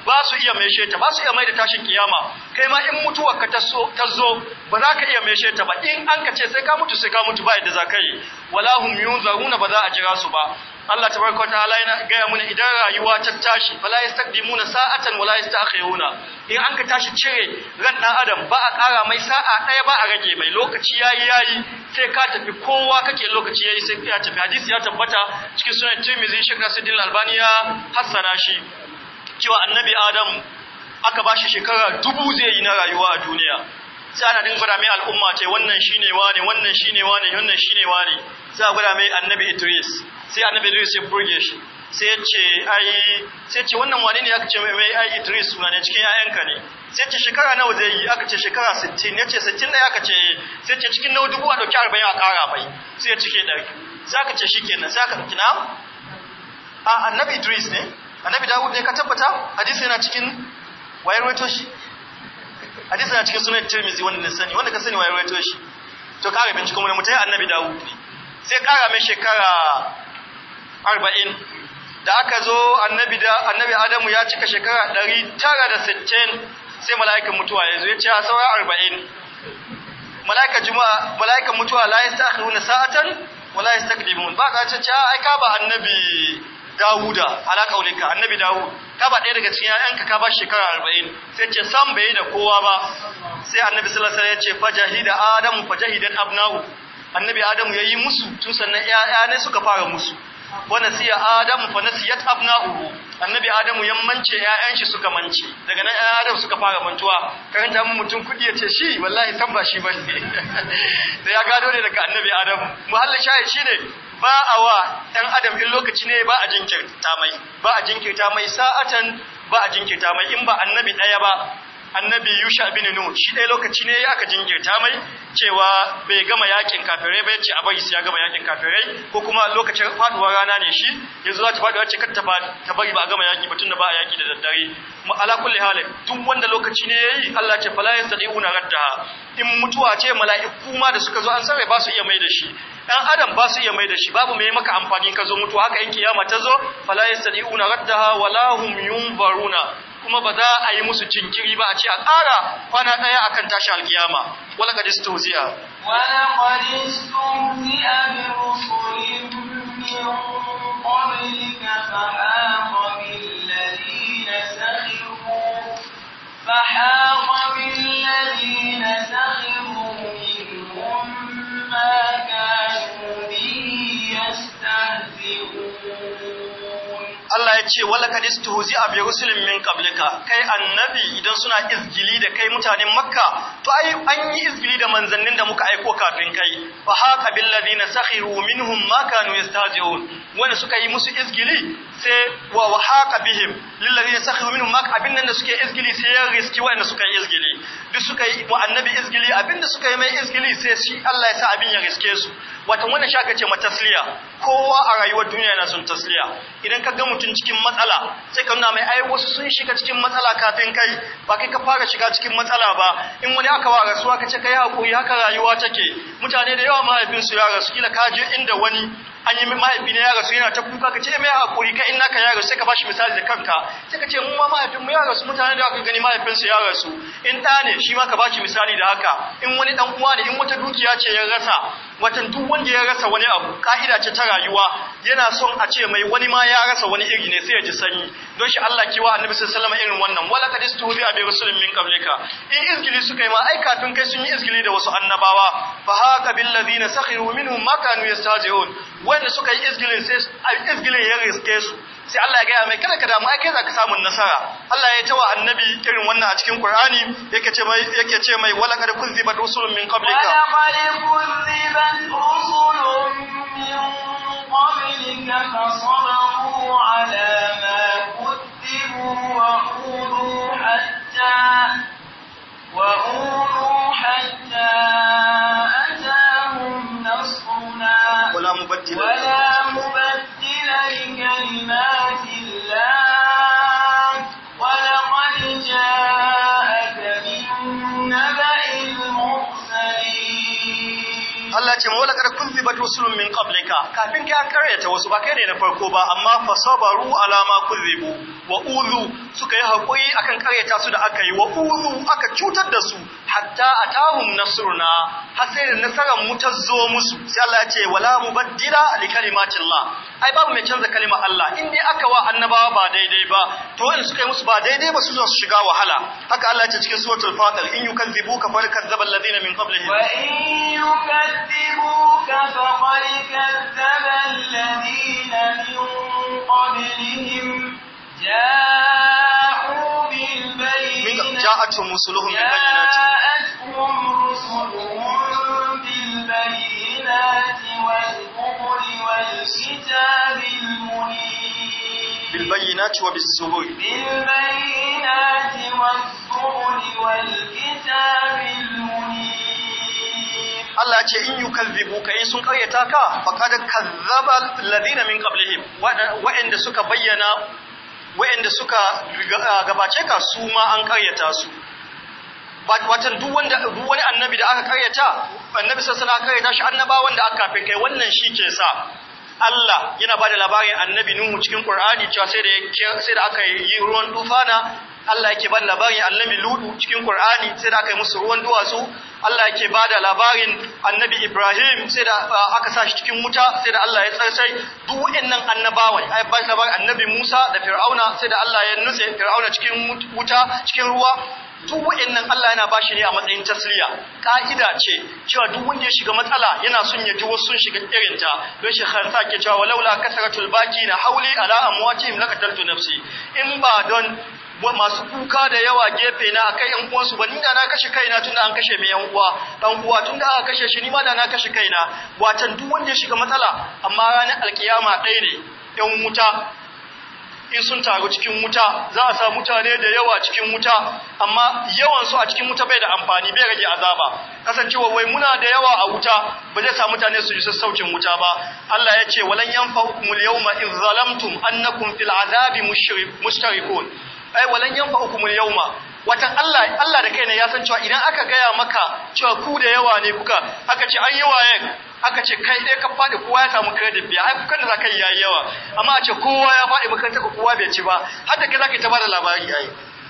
ba su iya maishe ta ba su iya mai tashin kiyama kai ma in mutuwa ka ta zo ba za ka iya maishe ta ba in an ka ce sai ka mutu sai ka mutu ba yadda za ka yi wala hum yunzaruna ba za a jira su ba Allah tabaraka ta'ala yana gaya mana idan rayuwa ta tashi fala yastaqdimuna sa'atan wala yasta'khiruna in an ka tashi cire ran dan adam ba a kara mai sa'a ɗaya ba a rage mai lokaci yayi yayi sai ka tafi kowa kake lokaci yayi sai ka tafi hadisi ya tabbata cikin sunan Tirmidhi Sheikh Nasiruddin Albani ya hassana shi cewa annabi Adam aka bashi shekara dubu zai yi na rayuwa a duniya sai ana din mai al'umma ce wannan shine wani wannan shine wani wannan shine wani sai a mai annabi Idris sai annabi Idris ya burge shi sai ya ce ai sai ce wannan wani ne aka ce mai ai Idris suna ne cikin 'ya'yanka ne sai ce shekara nawa zai yi aka ce shekara 60 ya ce 60 ɗaya aka ce sai ce cikin nawa dubu a dauki 40 a kara bai sai ya cike ɗari sai aka ce shikenan sai aka dauki na a annabi Idris ne annabi Dawud ne ka tabbata hadisi yana cikin wayar wato shi hadisi na cikin sunan tirmizi wanda na sani wanda ka sani wa rawaito shi to kare binciken wani mutane mutai annabi dawud ne sai kara mai shekara 40 da aka zo annabi da annabi adamu ya cika shekara 960 sai mala'ikan mutuwa ya zo ya ce a saura 40 Mala'ikan juma'a mala'ikan mutuwa la yastakhiruna sa'atan wala yastakdimun ba ka ce ai ka ba annabi Dawuda ala kaulika annabi Dawud ka ba ɗaya daga cikin 'ya'yanka ka ba shekara 40 sai ce san bai da kowa ba sai annabi sallallahu alaihi wasallam ya ce fajahida adam fajahidan abna'u annabi adam yayi musu tun sannan 'ya'ya ne suka fara musu sai ya adam fa nasiyat Abnahu? annabi adam ya mance 'ya'yan shi suka mance daga nan ƴaƴan adam suka fara mantuwa karanta mun mutum kudi ce shi wallahi san ba shi bane sai ya gado ne daga annabi adam muhallin shi ne? ba a wa ɗan adam in lokaci ne ba a jinkirta mai ba a jinkirta mai sa'atan ba a jinkirta mai in ba annabi ɗaya ba annabi Yusha bin Nun shi dai lokaci ne aka jingirta mai cewa bai gama yakin kafirai ba yace Abayis ya gama yakin kafirai ko kuma lokacin faduwar rana ne shi yanzu za ta fadu wace kar ta bari ba a gama yaki ba tunda ba a yaki da daddare mu ala kulli halin duk wanda lokaci ne yayi Allah ce fala yastadiuna radda in mutuwa ce mala'iku ma da suka zo an sare ba su iya mai da shi dan adam ba su iya mai da shi babu mai maka amfani ka zo mutuwa haka in kiyama ta zo fala na radda wala hum yunbaruna kuma ba za a yi musu cinkiri ba a ce a ƙara kwana ɗaya akan tashi alkiyama wala qad istawziya wala qad istawziya bi rusulin ce wala kadis tuhuzi a birusulin min qablika kai annabi idan suna izgili da kai mutanen makka to ai an yi izgili da manzannin da muka aiko kafin kai fa haka bil ladina sakhiru minhum ma kanu yastahzi'un wanda suka yi musu izgili sai wa haka bihim lil na sakhiru minhum ma abin nan da suke izgili sai ya riski wanda suka yi izgili duk suka yi wa annabi izgili abin da suka yi mai izgili sai shi Allah ya sa abin ya riske su wato wannan shaka ce matasliya kowa a rayuwar duniya na son tasliya idan ka ga mutum cikin cikin matsala sai ka mai ai wasu sun shiga cikin matsala kafin kai ba kai ka fara shiga cikin matsala ba in wani aka wa rasuwa ka ce yi hakuri haka rayuwa take mutane da yawa mahaifinsu ya rasu kila kaje inda wani an yi mahaifi na ya rasu yana ta kuka ka ce eh, mai hakuri ka in naka ya rasu sai ka bashi misali da kanka sai ka ce mu ma mahaifin mu ya rasu mutane da aka gani mahaifin su ya rasu in ta ne shi ma ka bashi misali da haka in wani dan uwa ne in wata dukiya ce ya rasa watan duk wanda ya rasa wani abu ka'ida ce ta rayuwa yana son a ce mai wani ma ya rasa wani iri ne sai ya ji sanyi don shi Allah kiwa annabi sallallahu alaihi irin wannan wala qad istuhbi bi rasulin min qablika in izgili suka yi ma ai kafin kai sun yi izgili da wasu annabawa fa haka bil ladina sakhiru minhum ma kanu yastahzi'un wanda suka yi izgili sai izgili ya riske su sai Allah ya gaya mai kada ka damu ai kai zaka samu nasara Allah ya tawa annabi irin wannan a cikin Qur'ani yake ce mai yake ce mai wala kad kunzibat rusulun min qablika wala qad kunzibat rusulun min qablika fasabaru ala ma kutibu wa qulu hatta wa qulu hatta atahum nasruna wala mubaddila wala بكلمات الله ولقد جاءك من نبأ ce rusulun min qablika kafin ka karyata wasu ba kai ne na farko ba amma fasabaru ala ma kuzibu wa uzu suka yi hakuri akan karyata su da aka yi wa uzu aka cutar da su hatta a atahum nasruna har sai da nasarar mu ta zo musu sai Allah ya ce wala mubaddila li kalimatillah ai babu mai canza kalima Allah in dai aka wa annabawa ba daidai ba to in suka yi musu ba daidai ba su zo su shiga wahala haka Allah ya ce cikin suratul fatir in yukazzibuka faqad kazzaba alladhina min qablihim wa in yukazzibuka faqad kazzaba alladhina min qablihim jaa جاءتهم رسلهم بالبينات جاءتهم رسلهم بالبينات والزبر والكتاب المنير بالبينات وبالزبر بالبينات والزبر والكتاب المنير Allah ce in yi kalzibu ka yi sun karyata ka faƙadar kazzabar ladina min ƙablihim waɗanda suka bayyana wa'anda suka ah, gabace ka su ma an karyata su watan duk wanda duk wani annabi da aka karyata annabi sallallahu alaihi karyata shi annaba wanda aka kafin kai wannan shi ke sa Allah yana bada labarin annabi Nuhu cikin Qur'ani cewa sai da sai da aka yi ruwan tufana Allah yake ba labarin annabi Ludu cikin Qur'ani sai da aka yi musu ruwan duwatsu Allah yake ba da labarin annabi Ibrahim sai da ah, aka sa shi cikin wuta sai da Allah ya tsarsai duk waɗannan annabawai ai ba labarin annabi Musa da Fir'auna sai da Allah ya nutse Fir'auna cikin wuta cikin ruwa duk wa'annan Allah yana ba shi ne a matsayin tasliya ka'ida ce cewa duk wanda ya shiga matsala yana son ya ji wasu sun shiga irin ta don shi kharsa ke cewa walaula kasratul baki na hauli ala amwatihim lakataltu nafsi in ba don masu kuka da yawa gefe na kai yan uwansu ba ni da na kashe kaina tunda an kashe mai yan uwa dan uwa tunda aka kashe shi ni ma da na kashe kaina watan duk wanda ya shiga matsala amma ranar alkiyama ɗaya ne yan wuta in sun taru cikin wuta za a sa mutane da yawa cikin wuta amma yawan su a cikin wuta bai da amfani bai rage azaba kasancewa wai muna da yawa a wuta ba zai sa mutane su ji sassaucin wuta ba Allah ya ce walan yanfa'ukumul yawma in zalamtum annakum fil azabi mushrikun ai walan hukumul yawma watan Allah Allah da kaina ya san cewa idan aka gaya maka cewa ku da yawa ne kuka aka ce an yawa yan aka ce kai ɗaya ka fadi kowa ya samu credit biya ai kukan da za yi yayi yawa amma a ce kowa ya faɗi makaranta ka kowa bai ci ba har da kai zaka ta bada labari ai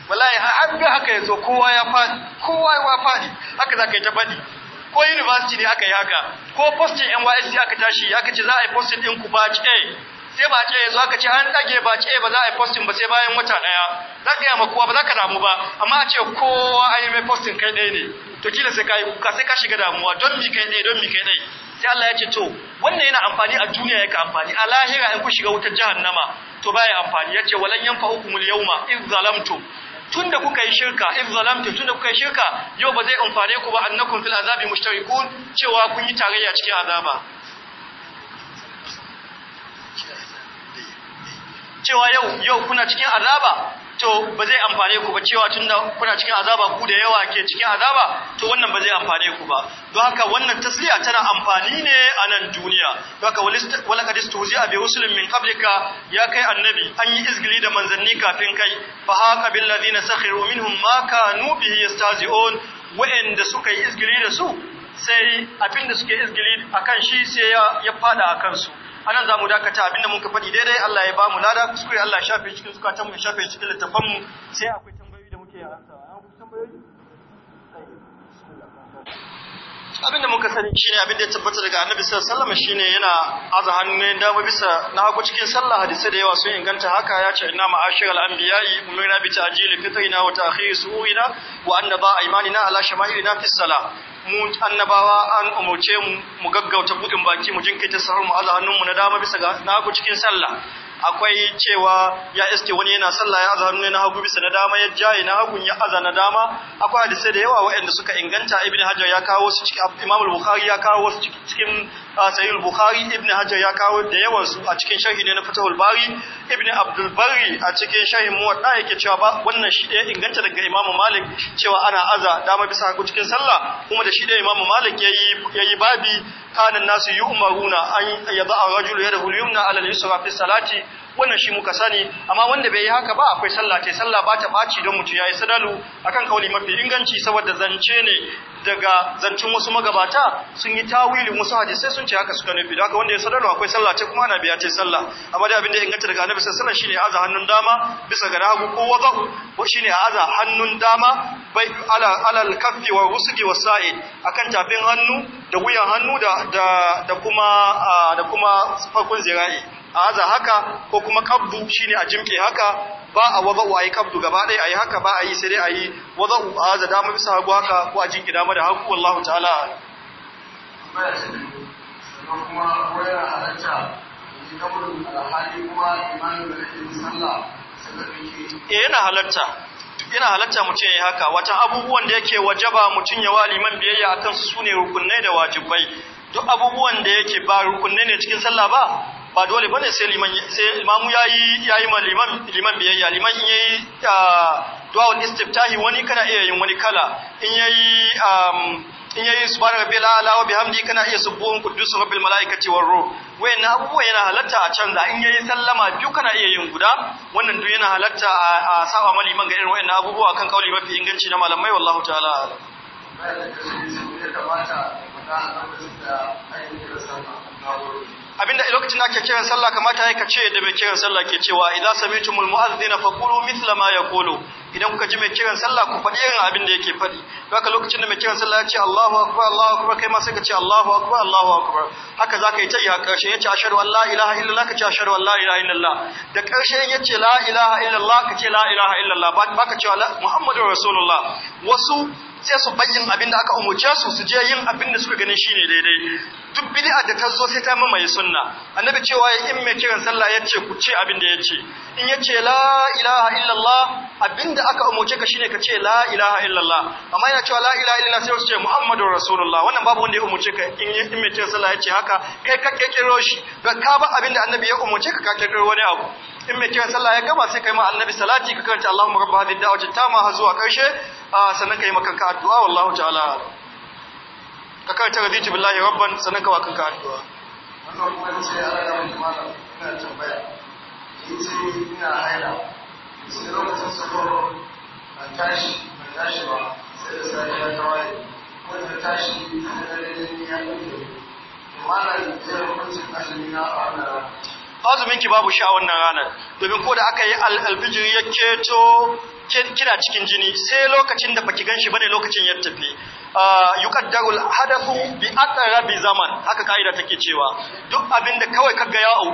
wallahi har da haka yanzu kowa ya faɗi kowa ya fadi haka zaka ta faɗi ko university ne aka yi haka ko posting NYSC aka tashi aka ce za a yi posting ɗin ku ci A sai ba ce yanzu aka ce an dage ba ce eh, ba za a yi posting ba sai bayan wata daya za ka yi kowa ba za ka damu ba amma a ce kowa an yi mai posting kai ɗaya ne to kila sai ka yi kuka sai ka shiga damuwa don mi kai ɗaya don mi kai ɗaya sai Allah ya ce to wannan yana amfani a duniya yake amfani a lahira in ku shiga wutar jahannama to ba ya amfani ya ce walan fahu kumul yawma iz zalamtum tun da kuka yi shirka in zalamtu tun da kuka yi shirka yau ba zai amfane ku ba annakum fil azabi mushtariqun cewa kun yi tarayya cikin azaba cewa yau yau kuna cikin azaba to ba zai amfane ku ba cewa tunda kuna cikin azaba ku da yawa ke cikin azaba to wannan ba zai amfane ku ba don haka wannan tasliya tana amfani ne a nan duniya don haka kadis tuzi abi rusulin min qablika ya kai annabi an yi izgili da manzanni kafin kai fa haka bil ladina sakhiru minhum ma kanu bihi yastahzi'un wa'inda suka yi izgili da su sai abin da suke izgili akan shi sai ya fada akan su anan zamu dakata abinda muka faɗi daidai Allah ya ba mu lada kuskure Allah ya shafe cikin zukatan mu shafe cikin littafan mu sai akwai tambayoyi da muke ansa abinda muka sani shine abinda ya tabbata daga Annabi sallallahu alaihi wasallam shine yana aza hannun dama bisa na hagu cikin sallah hadisi da yawa sun inganta haka ya ce inna ma'ashiral anbiya'i umirna bi ta'jili fitrina wa ta'khiri su'ina wa anna ba imanina ala shama'ilina fis salah mu annabawa an umurce mu mu gaggauta buɗin baki mu jinkirta sarar mu aza hannunmu na dama bisa ga ku cikin sallah akwai cewa ya iske wani yana sallah ya aza hannu na hagu bisa na dama ya jaye na hagu ya aza na dama akwai hadisai da yawa waɗanda suka inganta ibn hajar ya kawo su cikin imam al-bukhari ya kawo su cikin ah, sahih al-bukhari ibn hajar ya kawo da yawan su a cikin sharhi ne na fatahul bari ibn abdul bari a cikin sharhin muwatta yake cewa ba wannan shi da inganta daga imam malik cewa ana aza dama bisa hagu cikin sallah kuma da shi da imam malik yayi yayi babi kana nasu yu'maruna an yadha rajulu yadahu al-yumna ala al-yusra fi salati wannan shi muka sani amma wanda bai yi haka ba akwai sallah ce sallah ba ta baci don mutum yi sadalu akan kauli mafi inganci saboda zance ne daga zancin wasu magabata sun yi tawilin wasu hadisai sun ce haka suka nufi da haka wanda ya sadalu akwai sallah ce kuma ana biya ce sallah amma dai abin da ya inganta daga annabi sallallahu alaihi wasallam shine aza hannun dama bisa ga hagu ko wazahu ko shine aza hannun dama bai ala alal kaffi wa wusdi wa sa'id akan tafin hannu da wuyan hannu da da kuma da kuma farkon zira'i a aza haka ko kuma kabdu shine a jimke haka ba a wa yi kabdu gaba ɗaya ayi haka ba a yi sai dai ayi wada'u a aza dama bisa hagu haka ko a jinki dama da hagu wallahu ta'ala kuma waya halatta ne kaburin alhali kuma imanin da yake sallah yana halatta yana halarta mutum ya yi haka wata abubuwan da yake wajaba mutum ya wali man biyayya akan su ne rukunai da wajibai duk abubuwan da yake ba rukunai ne cikin sallah ba ba dole bane sai liman sai imamu yayi yayi ma liman liman biyayya liman in yayi ah, du'a istiftahi wani kana iya yin wani kala in yayi in yayi subhana rabbil ala wa bihamdi kana iya subuhun quddus rabbil malaikati war ruh na abubuwa yana halatta a can da in yayi sallama biyu kana iya yin guda wannan duk yana halatta a saba liman ga irin wayannan abubuwa kan kauli mafi inganci na malamai wallahu ta'ala da abinda lokacin da ake kiran sallah kamata ya kace da mai kiran sallah ke cewa idza sami'tumul mu'adhdhina faqulu mithla ma yaqulu idan kuka ji mai kiran sallah ku faɗi irin abin da yake faɗi haka lokacin da mai kiran sallah ya ce Allahu akbar Allahu akbar kai ma sai ka ce Allahu akbar Allahu akbar haka zaka yi ta yi karshe ya ce ashhadu an la ilaha illallah ka ce ashhadu an la ilaha illallah da karshe ya ce la ilaha illallah ka ce la ilaha illallah baka cewa Muhammadur rasulullah wasu sai su bakin abin da aka umurce su su je yin abin da suka ganin shine daidai duk bid'a da ta zo sai ta mamaye sunna annabi cewa ya in mai kiran sallah ya ce ku ce abin da ya ce in yace la ilaha illallah abin da aka umurce ka shine ka ce la ilaha illallah amma yana cewa la ilaha illallah sai su ce muhammadur rasulullah wannan babu wanda ya umurce ka in mai kiran sallah yace haka kai ka kirkiro shi ga ka ba abin da annabi ya umurce ka ka kirkiro wani abu in mai kiran sallah ya gama sai kai ma annabi salati ka karanta Allahumma rabb hadhihi da'wati tamma har zuwa karshe sannan kai ma kanka addu'a wallahu ta'ala ka karanta raditu billahi rabban sannan ka wa kanka addu'a wannan sai ya mutu malam ina tambaya ina a tashi a tashi ba sai da ya tawaye wanda tashi na a wannan azumin ki babu sha wannan ranar domin ko da aka yi alfijiri ya keto kina cikin jini sai lokacin da baki ganshi bane lokacin ya tafi ah, yuqaddarul hadafu bi aqrabi zaman haka kaida take cewa duk abinda kawai kaga ya au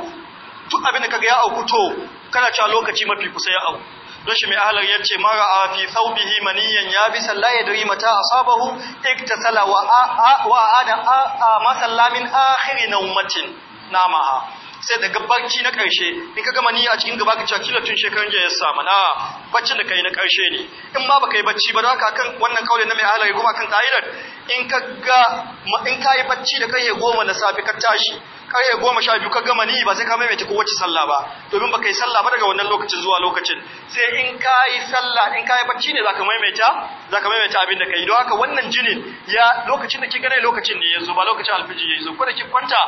duk abinda kaga ya au to kana cewa lokaci mafi kusa ya au don shi mai ahalar ya ce mara a fi saubihi maniyan ya bi salla ya dari mata a sabahu iktasala wa a ada a masallamin akhiri na umatin sai daga barci na ƙarshe in ka gama niyya a cikin gaba ka cewa kila tun shekarun jiya ya samu na baccin da kai na ƙarshe ne in ma baka yi barci ba haka kan wannan kawai na mai halaye goma kan ka'idar in ka ga in ka yi bacci da kai goma na safe ka tashi ƙarfe goma sha biyu ka gama ni ba sai ka maimaita ko wacce sallah ba domin baka yi sallah ba daga wannan lokacin zuwa lokacin sai in ka yi sallah in ka yi bacci ne zaka maimaita zaka maimaita abin da ka yi don haka wannan jinin ya lokacin da ki gane lokacin ne yanzu ba lokacin alfiji ya zo ko da ki kwanta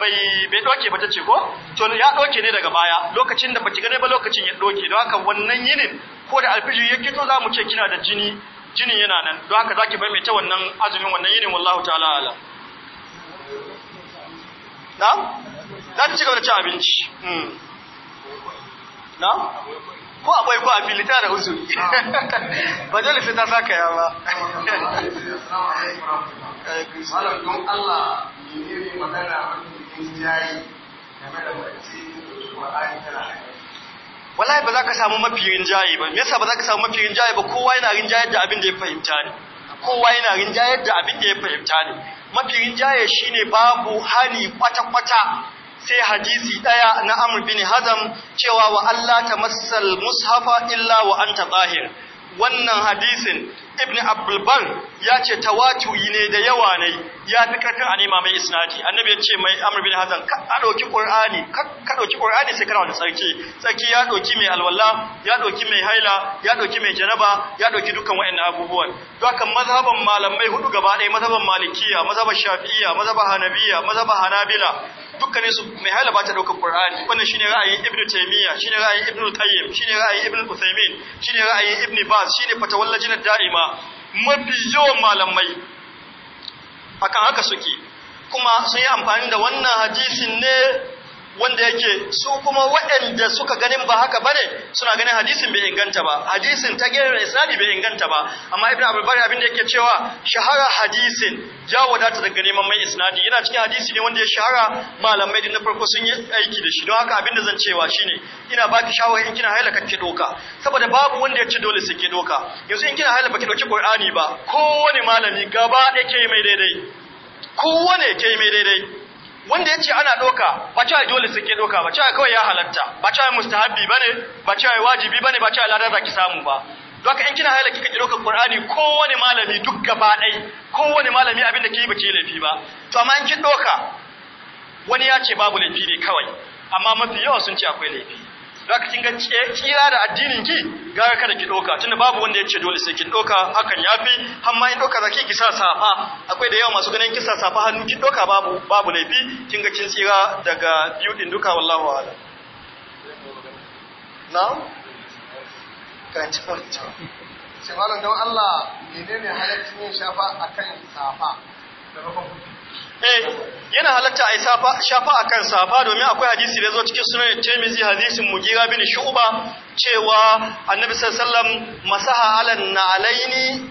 bai bai doke ba tace ko to ya doke ne daga baya lokacin da baki gane ba lokacin ya doke don haka wannan yinin ko da alfiji ya kito za mu ce kina da jini jinin yana nan don haka zaki maimaita wannan azumin wannan yinin wallahu ta'ala alam na? Na ci gaba da cin abinci hmm. na? ko akwai ko a filita da uzuri ba dole sai ta saka ya ba Wala Allah ne ba za ka samu mafi rinjaye ba me yasa ba za ka samu mafi rinjaye ba kowa yana rinjayar da abin da ya fahimta ne kowa yana da abin da ya fahimta ne mafi rinjaye shine babu hani kwata-kwata sai hadisi ɗaya na Amr bin Hazam cewa wa Allah masal mushafa illa wa anta wannan hadisin ibn abdulbar ya ce tawatuyi ne da yawa ne ya fi karfin a nema mai isnadi annabi ya ce mai amr bin hazan ka ɗauki ƙur'ani ka ɗauki ƙur'ani sai kana da tsarki tsarki ya ɗauki mai alwala ya ɗauki mai haila ya ɗauki mai janaba ya ɗauki dukkan wa'annan abubuwan to haka mazhaban malamai hudu gaba ɗaya mazhaban malikiya mazhaban shafiya mazhaban hanabiya mazhaban hanabila dukkanin su mai hala ta daukar Qur'ani wannan shine ra'ayin Ibn Taymiyyah shine ra'ayin Ibn Qayyim shine ra'ayin Ibn Uthaymeen shine ra'ayin Ibn Baz shine fatawallajin da'ima mafi yawan malamai akan haka suke kuma sun yi amfani da wannan hadisin ne wanda yake su kuma waɗanda suka ganin ba haka bane suna ganin hadisin bai inganta ba hadisin ta gerin isnadi bai inganta ba amma ibnu abubakar abin da yake cewa shahara hadisin ya wadata daga neman mai isnadi yana cikin hadisi ne wanda ya shahara malamai din na farko sun yi aiki da shi don haka abin da zan cewa shine ina baki shawara in kina haila ki doka saboda babu wanda ya ce dole sai ke doka yanzu in kina haila ki doki qur'ani ba kowane malami gaba ɗaya ke mai daidai kowane ke mai daidai wanda ya ce ana ɗoka ba cewa dole suke ɗoka ba cewa kawai ya halatta ba cewa mustahab'i ba ba cewa wajibi ba ne ba cewa ladan da samu ba Doka in kina haila kika ki ɗaukar Qur'ani kowane malami duk gaba dai kowane malami abinda da ke yi ba laifi ba to amma in ki ɗoka wani ya ce babu laifi ne kawai amma mafi yawa sun ce akwai laifi zaka kinga eh, tsira da addinin ki gara kada ki doka tunda babu wanda ce dole sai ki doka hakan yafi har ma in doka zaki ki sa safa akwai da yawa masu ganin ki sa safa hannu ki doka babu babu laifi kinga kin tsira daga biyu din duka wallahi wala na'am kan ci sai malam don Allah menene halaccin shafa akan safa da babu eh yana halatta a shafa a kan safa domin akwai hadisi da zo cikin sunan Tirmidhi hadisin Mugira bin Shu'ba cewa Annabi sallallahu alaihi wasallam masaha ala na'alaini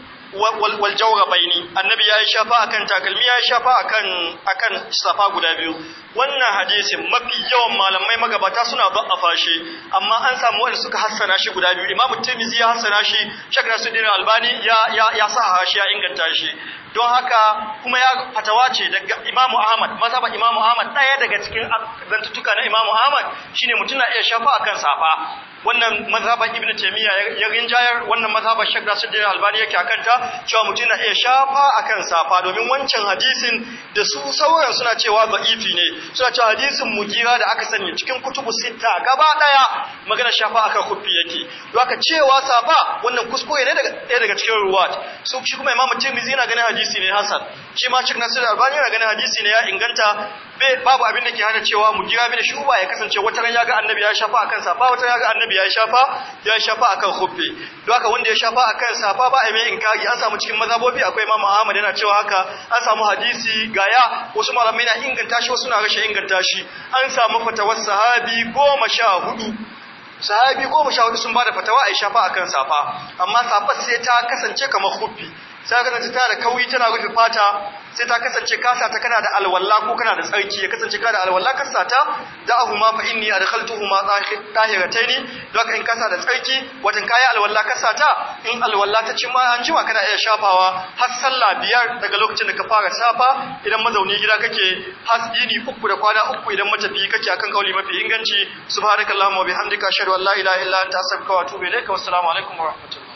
wal jawrabaini Annabi yayi shafa akan takalmi yayi shafa akan akan safa guda biyu wannan hadisi mafi yawan malamai magabata suna a fashe. amma an samu wanda suka hassana shi guda biyu Imam Tirmidhi ya hassana shi Sheikh Nasiruddin Albani ya ya ya shi ya inganta shi don haka kuma ya fatawa ce daga Imam Ahmad mazhaba Imam Ahmad daya daga cikin zantutuka na Imam Ahmad shine mutum na iya shafa akan safa wannan mazhaban Ibn taymiya ya rinjayar wannan mazhaba Sheikh Nasiruddin Albani yake akan ta cewa mutum na iya shafa akan safa domin wancan hadisin da su sauran suna cewa zaifi ne suna cewa hadisin mugira da aka sani cikin kutubu sita gaba daya magana shafa akan kufi yake don haka cewa safa wannan kuskure ne daga daga cikin ruwat su shi kuma Imam yana ganin hadisi ne hasan shi ma cikin nasir albani yana ganin hadisi ne ya inganta babu abin da ke hana cewa mu gira da shuba ya kasance wata ran ya ga annabi ya shafa akan safa wata ya ga annabi ya shafa ya shafa akan khuffi don haka wanda ya shafa akan safa ba a mai inkari an samu cikin mazabobi akwai imamu ahmad yana cewa haka an samu hadisi gaya wasu malamai na inganta shi wasu na rashin inganta shi an samu fatawar sahabi goma sha hudu sahabi goma sha hudu sun ba da fatawa a yi shafa akan safa amma safa sai ta kasance kamar khuffi sai kana kasance da kauyi tana rufe fata sai ta kasance kasa ta kana da alwalla ko kana da tsarki ya kasance kana da alwalla kasa ta da'ahuma fa inni adkhaltuhuma tahirataini don haka in kasa da tsarki watan kai alwalla kasa ta in alwalla ta cin ma an jima kana iya shafawa har sallah biyar daga lokacin da ka fara safa idan mazauni gida kake har yini uku da kwana uku idan matafi kake akan kauli mafi inganci subhanakallahumma wa bihamdika ashhadu an la ilaha illa anta astaghfiruka wa atubu ilaika wassalamu alaikum wa rahmatullahi